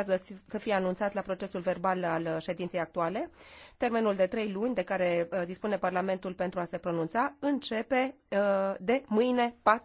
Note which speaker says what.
Speaker 1: urmează să fie anunțat la procesul verbal al uh, ședinței actuale. Termenul de trei luni de care uh, dispune Parlamentul pentru a se pronunța începe uh, de mâine 4.